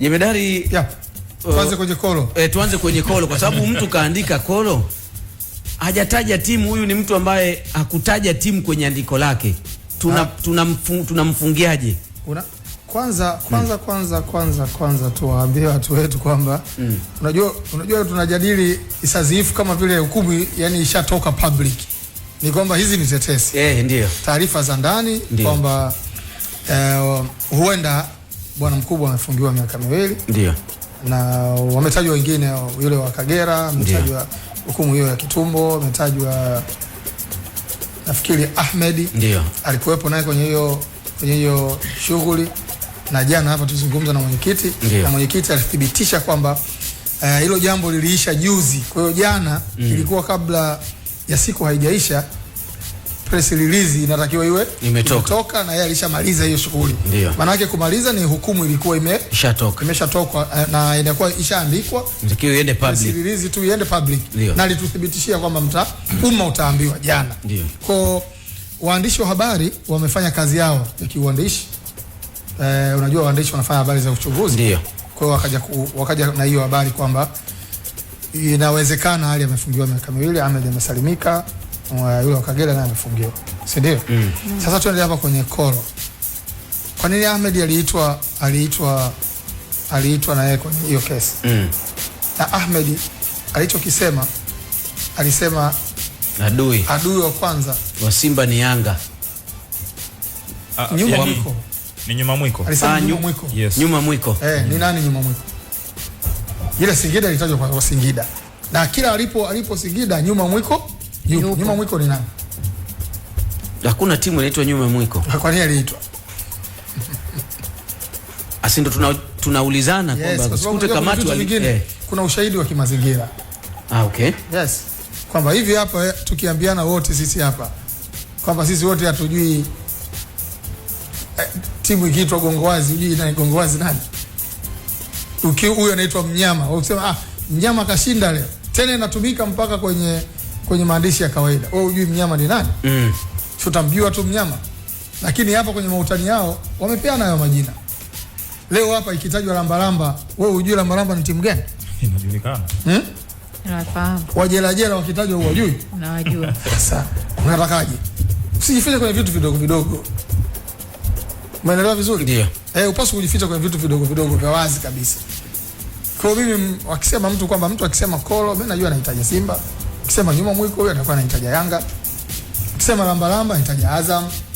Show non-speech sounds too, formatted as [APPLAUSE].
Jemedari, yeah. Uh, tuanze kwenye kolo. Eh, tuanze kwenye kolo kwa sababu mtu kaandika kolo hajataja timu. Huyu ni mtu ambaye hakutaja timu kwenye andiko lake. Tuna ah. tunamfungiaje? Tuna kwanza kwanza kwanza kwanza kwanza tuwaambie watu wetu kwamba mm. unajua unajua tunajadili isazifu kama vile hukumu yani ishatoka public, ni kwamba hizi ni tetesi eh, ndio taarifa za ndani kwamba eh, huenda bwana mkubwa amefungiwa miaka miwili ndio, na wametajwa wengine, yule wa Kagera ametajwa hukumu hiyo ya kitumbo, ametajwa nafikiri Ahmedi ndio alikuwepo naye kwenye hiyo kwenye hiyo shughuli, na jana hapa tuzungumza na mwenyekiti na mwenyekiti alithibitisha kwamba eh, hilo uh, jambo liliisha juzi. Kwa hiyo jana mm. ilikuwa kabla ya siku haijaisha press release inatakiwa iwe imetoka, imetoka na yeye alishamaliza hiyo shughuli. Maana yake kumaliza ni hukumu ilikuwa ime imeshatoka imeshatoka eh, na inakuwa ishaandikwa, inatakiwa iende public, press release tu iende public, na alituthibitishia kwamba mta umma utaambiwa jana. Kwa waandishi wa habari wamefanya kazi yao ya kiuandishi. Eh, unajua waandishi wanafanya habari za uchunguzi, ndio kwa hiyo wakaja ku, wakaja na hiyo habari kwamba inawezekana Ali amefungiwa miaka miwili, Ahmed amesalimika yule wa Kagera naye amefungiwa, si ndio? mm. Sasa tuendelee hapa kwenye koro, kwa nini Ahmed aliitwa aliitwa aliitwa na yeye kwenye hiyo kesi mm. na Ahmed alichokisema alisema adui adui wa kwanza wa Simba ni Yanga ah, nyuma yani, mwiko ni nyuma mwiko alisema ah, nyuma mwiko yes. nyuma mwiko eh, mm. ni nani nyuma mwiko? Ile Singida ilitajwa kwa Singida na kila alipo alipo Singida nyuma mwiko nyuma mwiko ni nani? Hakuna timu inaitwa nyuma mwiko. Ah, kwa nini aliitwa? Asi [LAUGHS] ah, ndo tuna tunaulizana yes, kwamba sikute kamati wali eh. Kuna ushahidi wa kimazingira. Ah, okay. Yes. Kwamba hivi hapa eh, tukiambiana wote sisi hapa kwamba sisi wote hatujui eh, timu ikiitwa Gongowazi hii nani Gongowazi nani? Uki huyo anaitwa mnyama. Ukisema ah, mnyama kashinda leo. Tena inatumika mpaka kwenye kwenye maandishi ya kawaida. Wewe hujui mnyama ni nani? Mm. Tutamjua tu mnyama. Lakini hapa kwenye mautani yao wamepeana hayo majina. Leo hapa ikitajwa Lambalamba, wewe hujui Lambalamba ni timu gani? Inajulikana. Hmm? Nafahamu. Wajerajera wakitajwa hujui? Nawajua. [LAUGHS] Sasa unatakaje? Usijifiche kwenye vitu vidogo vidogo. Umeelewa vizuri? Ndio. Eh, upaswi kujificha kwenye vitu vidogo vidogo vya wazi kabisa. Kwa mimi wakisema mtu kwamba mtu akisema Kolo, mimi najua anahitaji Simba kisema nyuma mwiko huyo atakuwa anahitaji Yanga. kisema lambalamba anahitaji Azam.